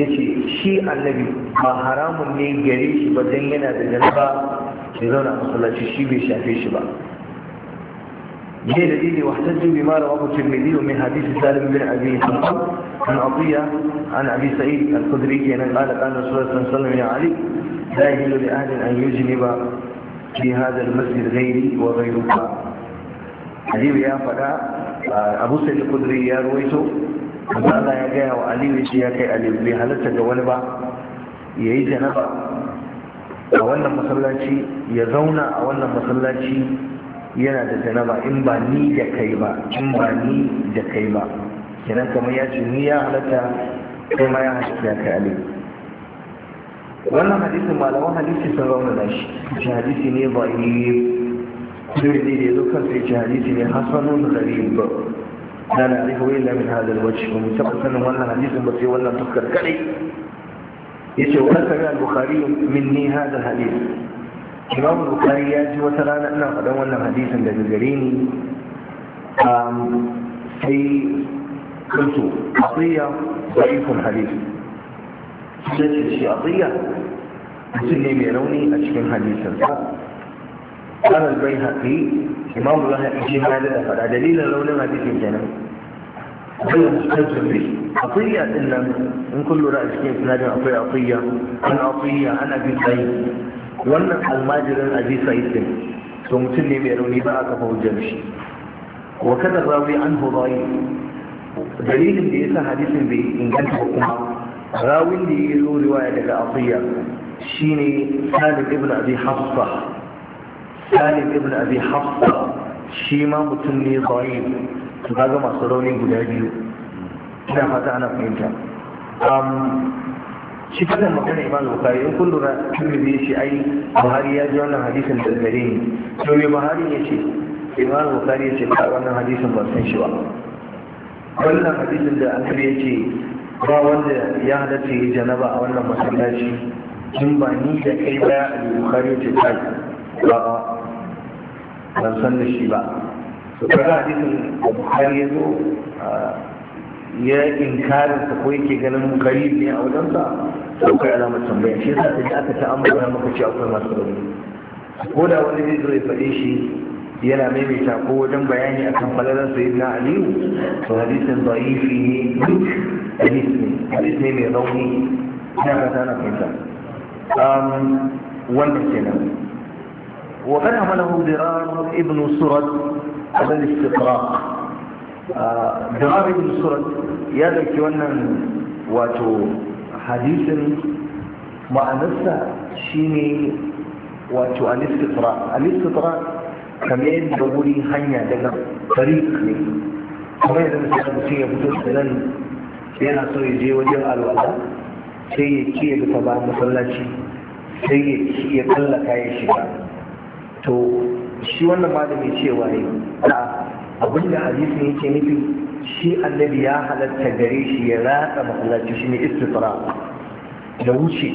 ya شيء shi ما حرام من يجريش gare shi ba don yana da janaba جاء دليل واحتج بما رواه الترمذي من حديث سالم بن ابي حمص عن عطيه عن ابي سعيد الخدري ان قال قال رسول الله صلى الله عليه وسلم يا علي لا يحل لاحد ان يجنب في هذا المسجد غيري وغيرك حديث يا فدا abu sai da kudiri ya ruwaito Allah ya gaya wa aliyu shi ya kai aliyu bai halatta ga wani ba ya yi janaba a wannan masallaci ya zauna a wannan masallaci yana da janaba in ba ni da kai ba in ba ni da kai ba kenan kamar ya ce ni ya halatta kai ma ya halatta ya kai alai wannan hadisin malaman hadisi sun rauna da shi ce hadisi ne ba yi zai da ya zo kansa ya ce hadisi ne hasanun gharib na na alifu illa min hadal wajhi kuma taɓa sanin wannan hadisin ba sai wannan kaɗai. Ya ce wa sami al-bukhari minni hadal hadis imam bukari ya ji wata rana ina faɗan wannan hadisin daga gare ni sai kuntu atiyya da'ifun hadis sai ce shi atiyya mutum ne mai rauni a cikin hadisinsa قال البيهقي إمام الله إجمال الأفر دليل لو ما في الجنة غير مستجر به عطية إلا إن كل رأي سكين في نادي عطية An عن عطية عن أبي الزين wannan almajirin abi sa'id din to mutum ne mai rauni ba a kafa hujjar shi wa kada rawi an hudayi dalilin da ya sa hadisin bai inganta ba kuma rawin da ya zo riwaya daga asiya shine salim ibn abi hafsa salim ibn abi hafsa shi ma mutum ne zai kaga masu rauni guda biyu ina fata ana fahimta um, shi fadar magana imam bukari in kun lura turmi ya shi, ai buhari ya ji wannan hadisin da ne to me buhari ya ce imam bukari ya ce ka wannan hadisin ban san shi ba wannan hadisin da annabi ya ce ba wanda ya halatta ya janaba a wannan masallaci in ba ni da kai ba al-bukhari ya ce yi ba ban san da shi ba to kaga hadisin da ya zo ya inkarinsa ko yake ganin gari ne a wajensa sau kai alamar tambaya shi yasa sai aka ta ambata maka ci akwai masu rauni ko da wani zai zo ya faɗe shi yana maimaita ko wajen bayani akan falalar sayyid na aliyu to hadisin da'ifi ne duk hadis ne mai rauni ina ka tana fahimta um, wannan kenan وقد حمله ضرار ابن سرد على الاستقراق jama'ar ibn surat ya dauki wannan wato hadisin ma'anarsa shine wato alistitra alistitra kamar yadda wuri hanya daga tariq ne kuma yadda sai mutum ya fito da nan yana so ya je wajen alwala sai ya ya ba masallaci sai ya ya kalla kayan shiga to shi wannan malami cewa ne a abin da hadisin yake nufi shi annabi ya halatta gare shi ya ratsa masallaci shi ne istitra da wuce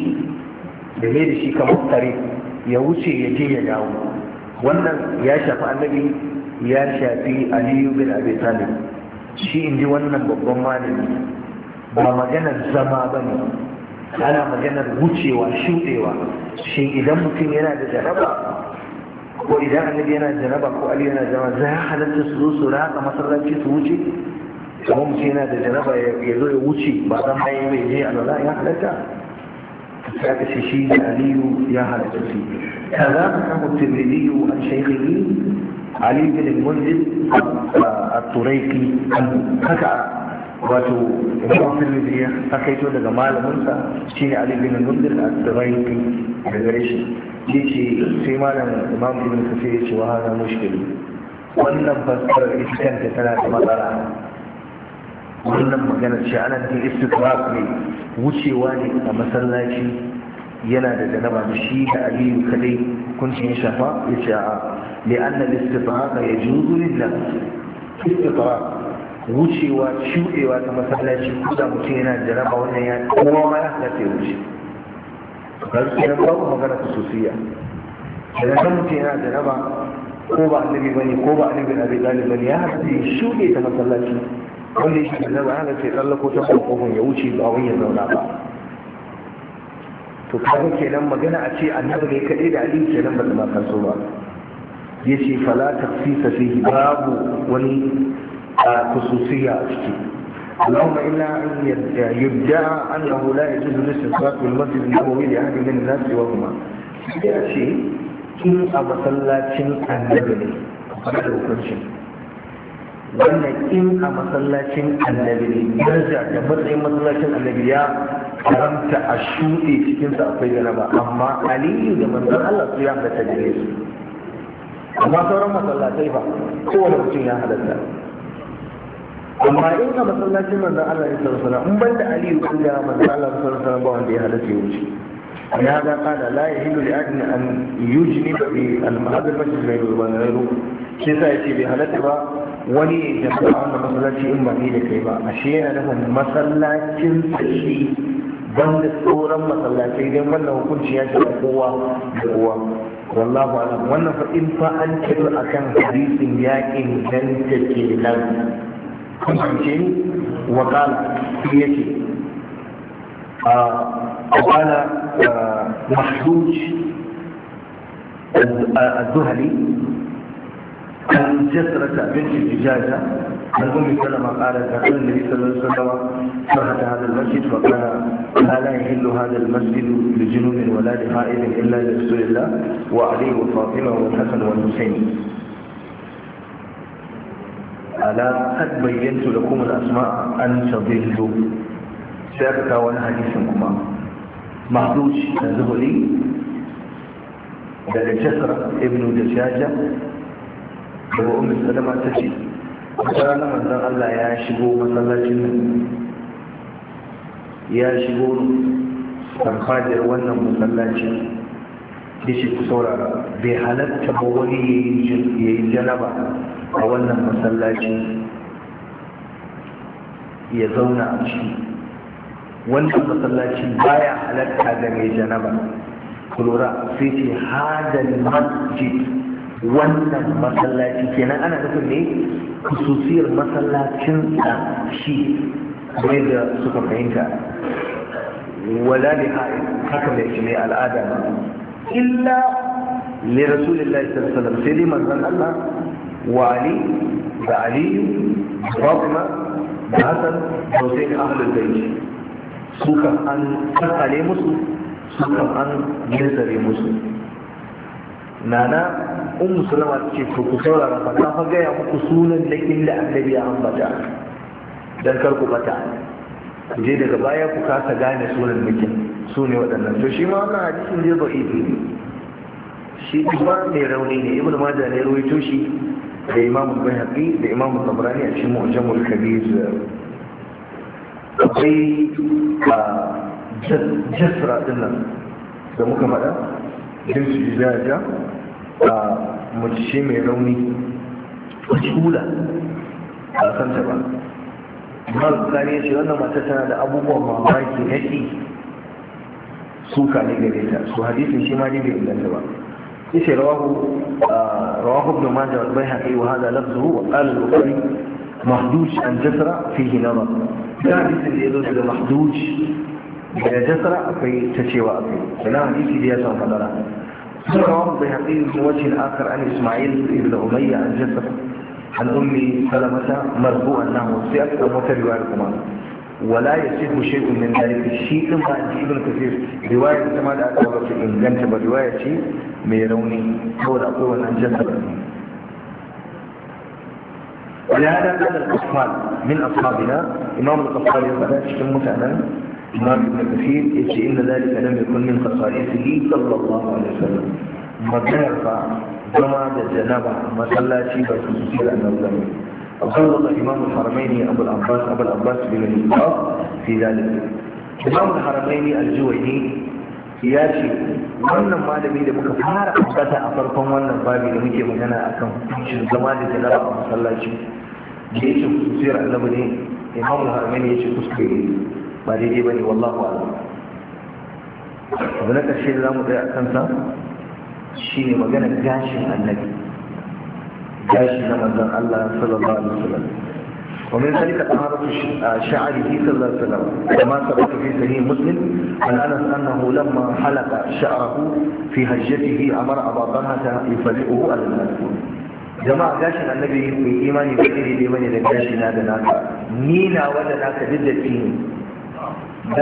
da mai da shi kamar tare ya wuce ya je ya dawo wannan ya shafi annabi ya shafi aliyu bin abi talib shi in ji wannan babban malami ba maganar zama ba ne ana maganar wucewa shuɗewa shi idan mutum yana da jaraba ko idan annabi yana jaraba ko ali yana janaba za halatta su zo su ratsa masallaci su wuce Kuma mutum yana da jaraba ya zo ya wuce ba zan bayan mai je a lalla ya halatta ya kashe shi da aliyu ya halatta su kaza ka kama tirmidhiyu an shaykhihi ali bin al-munzir at-turayqi haka wato imam tirmidhi ya kaito daga malaminsa ne ali bin a at-tabayyi yi gare shi yace sai malam imam ibn kathir yace wa hada mushkil wannan fassarar iskanta tana da matsala wannan magana ce ana da istiqraq ne wucewa ne a masallaci yana da janaba da shi da aliyu kadai kun ce shafa yace a li'anna al-istiqraq yajuzu lillah istiqraq wucewa shuɗewa ta masallaci ko da mutum yana jaraba wannan ya kuma ma ya halatta ya wuce ba ku magana ta sosiya da kan mutum yana jaraba ko ba annabi bane ko ba annabi na bai galibi bane ya halatta shuɗe ta masallaci wanda yake jaraba ya halatta ya tsallako ta kofofin ya wuce ba wani ya zauna ba to kaga kenan magana a ce annabi ne kaɗai da aliyu kenan ba ta ma kanso ba ya ce fala tafsi tafsisa fihi babu wani خصوصية اللهم إلا أن يدعى أنه لا يجوز الاستثمار في المسجد النبوي لأحد من الناس وهما سيدي ce كن a masallacin annabi ne kamar da wannan in a masallacin annabi ne daraja da matsayin masallacin annabi ya haramta a shuɗe cikinsa akwai ba. amma aliyu da manzon Allah su ya halatta gare su amma sauran masallatai ba kowane mutum ya halatta amma in ka masallacin manzon Allah ya sarsala in ban da aliyu kan da manzon Allah ya sarsala ba wanda ya halatta ya wuce ya ga kada la yahillu li adna an yujni bi al-mahad al-masjid ghayru wa ghayru shi sai yace bai halatta ba wani ya tabbata wannan masallaci in ba ni da kai ba ashe yana nufin masallacin shi ban da tsoron masallacai don wannan hukunci ya shiga kowa da kowa wallahu alam wannan fa in fa an kira akan hadisin yakin dan take nan kun وقال ni آه، وقال kala آه، sai آه، الذهلي عن جسرة بنت الدجاجة عن أم سلمة قالت دخل النبي صلى الله عليه وسلم فرحة هذا المسجد فقال ما لا يحل هذا المسجد لجنون ولا لحائل إلا لرسول الله وعليه وفاطمة والحسن والحسين ala kad bayyantu da kuma asma an tadillu sai aka kawo wani hadisin kuma mahduj az-zuhri daga jasra ibnu dajaja daga ummu salama tace wata na manzon Allah ya shigo masallacin ya shigo farfajiyar wannan masallacin ya ce ku bai halatta ba wani ya yi janaba a wannan masallaci ya zauna a ciki wannan masallaci baya halatta ga mai janaba kulura sai ce hadal masjid wannan masallaci kenan ana nufin ne kususiyar masallacin da shi mai da suka fahimta wala da haka mai al'ada illa li rasulillahi sallallahu alaihi wasallam sai dai manzon Allah wa ali da ali Fatima da Hassan da Hussein ahlul bayt su kan an kasale musu su kan an girzare musu nana in musulama ce ko ku saurara fa na fa gaya muku sunan da illa annabi ya ambata dan kar ku bata je daga baya ku kasa gane sunan mutum su ne waɗannan to shi ma wannan hadisin zai da'ifi ne shi kuma mai rauni ne ibnu majah ne rawaito shi da imamu bayhaqi da imamu tabrani a cikin mu'jamul kabir akwai jasra din nan da muka faɗa jin su ji jaja a mace mai rauni a hula ba san ta ba ba su kare shi wannan mata tana da abubuwan mamaki na ƙi suka ne gare ta su hadisin shi ma ne bai inganta ba yace rawahu rawahu ibn majah wal bayhaqi wa hadha lafzuhu wa qala al-bukhari mahduj an jasra fihi nazar da hadisin da yazo daga mahduj daga jasra akwai ta cewa akwai kana hadisi da ya san fadara ثم رواه البيهقي من وجه اخر عن اسماعيل بن اميه عن جسر عن ام سلمه مرفوعا له في اكثر متى روايه ولا يصيب شيء من ذلك الشيء ما عند ابن كثير رواية كما دا aka wato inganta ba riwaya ce هو الاقوى ان akwai wannan ولهذا كان الأطفال من أصحابنا إمام الأطفال يقول تشتم مثلا إمام ابن كثير يجي إن ذلك لم يكن من خصائصه صلى الله عليه وسلم مدرسة جمع الجنابة مسلاتي لم الأنبياء وخلط إمام الحرمين أبو العباس أبو العباس بن الإسلام في ذلك إمام الحرمين الجويني ya ce wannan malami da muka fara ambata a farkon wannan babi da muke magana a kan kucin zama da janaba a masallaci da ya ce kusurciyar annabi ne imam harmani ya ce kuskure ba daidai ba ne wallahu alam abu na ƙarshe da za mu tsaya a kansa shine magana gashin annabi gashi na manzon Allah sallallahu alaihi wasallam ومن ذلك طهارة شعره صلى الله عليه وسلم كما ثبت في صحيح مسلم عن انس انه لما حلق شعره في هجته امر ابا طلحه يفرقه على الناس jama'a gashin annabi ku yi imani da iri da bane da gashi na da naka ni na wanda naka duk da ne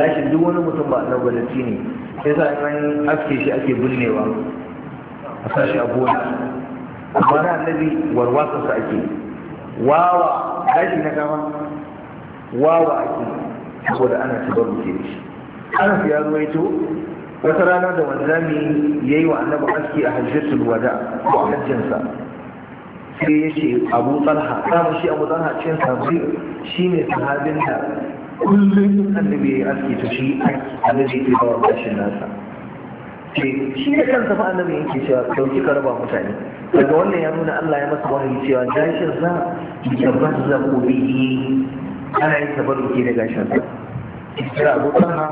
gashin duk wani mutum ba annabi da ne sa shi ake binnewa a a gona amma na annabi warwasa su ake wawa gashi na gama wawa ake saboda ana ci babu ke shi ana su ya ruwaito wata rana da wanzami ya yi wa annabi aski a hajjatul wada ko a hajjinsa sai ya ce abu talha kama shi abu talha cikin sabbi shi ne sahabin da kullum annabi ya yi aski to shi annabi ya yi bawa gashin nasa ce shi da kansa fa annabi yake cewa dauki ka raba mutane daga wannan ya nuna Allah ya masa wahayi cewa gashin sa ya bazza bihi ana yin tabarruki da gashin sa kira Abu Talha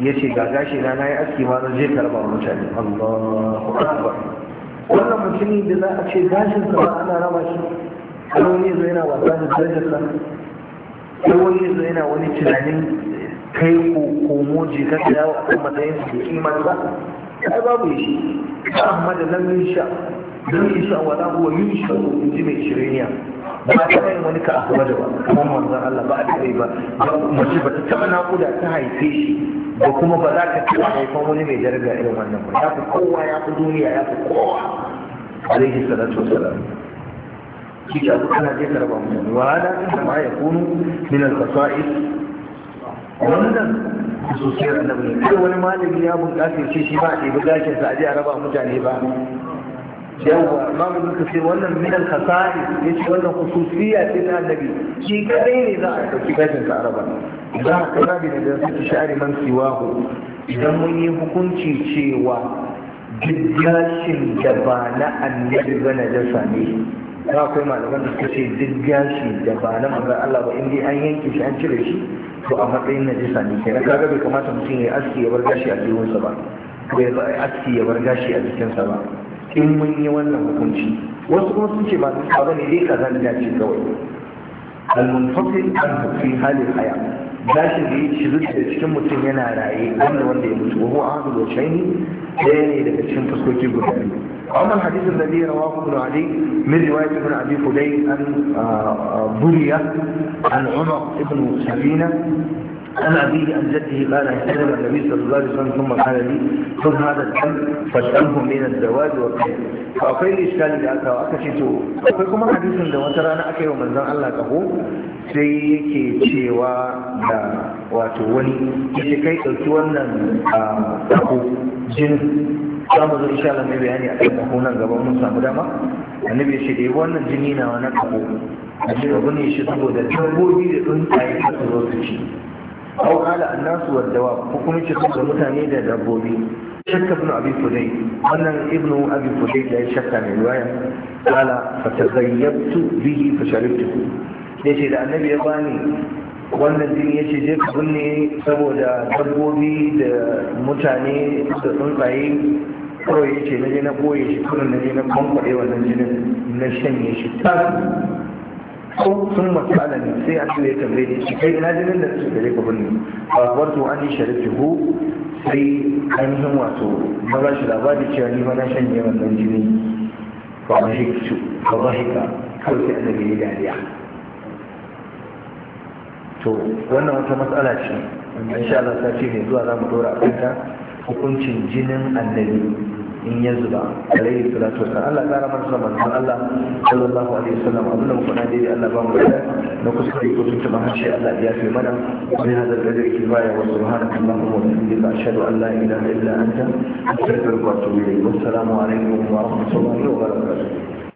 ya ce ga gashi na yi aski ma zai je mutane Allahu akbar wannan mutumin da za a ce gashin sa ba ana raba shi a wani zai yana wasa da darajar sa ko wani zai yana wani tunanin kai ko komo jika da yawa a matsayin su da iman ba ai babu shi amma da nan sha don isha wala huwa yin sha in ji mai shirinya ba ta yin wani ka da ba kuma manzan Allah ba a tare ba mace ba ta taba naƙuda ta haife shi ba kuma ba za ka taba haifan wani mai daraja irin wannan ba ya fi kowa ya fi duniya ya fi kowa alaihi salatu wasalam shi ka ana je karɓa mutane wa hada inda ma ya kunu min al-fasa'is wannan sosiyar da ne kai wani malami ya bunƙasa ce shi ba a ɗebi gashin sa aje a raba mutane ba yawa imamu ka kasir wannan min al khasa'is yace wannan khususiyya ce ta annabi shi kadai ne za a ɗauki gashin sa a raba za a kaza bi da su sha'ari man siwahu idan mun yi hukunci cewa duk gashin da ba na annabi ba na jasa ne za akwai malaman da suka ce duk gashin da ba na manzon Allah ba in dai an yanke shi an cire shi to a matsayin na jisa ne kenan kaga bai kamata mutum ya aski ya bar gashi a jikinsa ba ba ya aski ya bar gashi a jikinsa ba in mun yi wannan hukunci wasu kuma sun ce ba su ba ne dai kaza da dace kawai al-munfasil an fi halin haya gashin da ya shiru da cikin mutum yana raye wanda wanda ya mutu wahu ahadu da shaini ɗaya ne daga cikin fuskoki guda biyu wannan hadisin da zai rawa ibn ali min riwayat ibn abi fudai an buriya an umar ibn sabina أنا به عن جده قال احتجب النبي صلى الله عليه وسلم ثم قال لي خذ هذا الدم فاشتمه من الزواج والقيد فأقول لي إشكالي لأكا وأكشته أقول كما حديث ده وترى أنا أكي ومن ذا الله كهو سيكي تشيوا دا واتواني كي تلتوانا أكو جن za ذو إشاء الله نبي أني أكي مخونا kan kaho nan gaba mun samu dama annabi ya ce da wannan jini na wani kaho a ce abu ne aw qala an-nasu wad-dawab da mutane da dabbobi shakka ibn abi fudayl wannan ibn abi fudayl ya shakka ne riwaya qala fatazayyabtu bihi fasharibtuhu yace da annabi ya bani wannan jini ya ce je ka binne saboda dabbobi da mutane da tsuntsaye kawai ya ce na je na boye shi kudin na je na kwankwaɗe wannan jinin na shanye shi tas ko sun matsala ne sai an ya tambaye ne shi kai ina jinin da su gare ka ne. ba wato an yi shari'a ko sai ainihin wato na ba shi labari cewa ni ma na shanye wannan jini ba ma hikicu ba shi ka, kawai sai annabi ya dariya to wannan wata matsala ce in sha Allah ce mai zuwa za mu dora a kanta hukuncin jinin annabi in ya zuba alaihi salatu wasallam Allah kara Allah sallallahu alaihi wasallam abin da muka dai Allah ba mu da na kuskure ko tun tuma harshe Allah ya fi mana bi hada al-qadr kifaya wa subhanaka allahumma wa bihamdika ashhadu an la ilaha illa anta astaghfiruka wa atubu ilayk alaikum wa rahmatullahi wa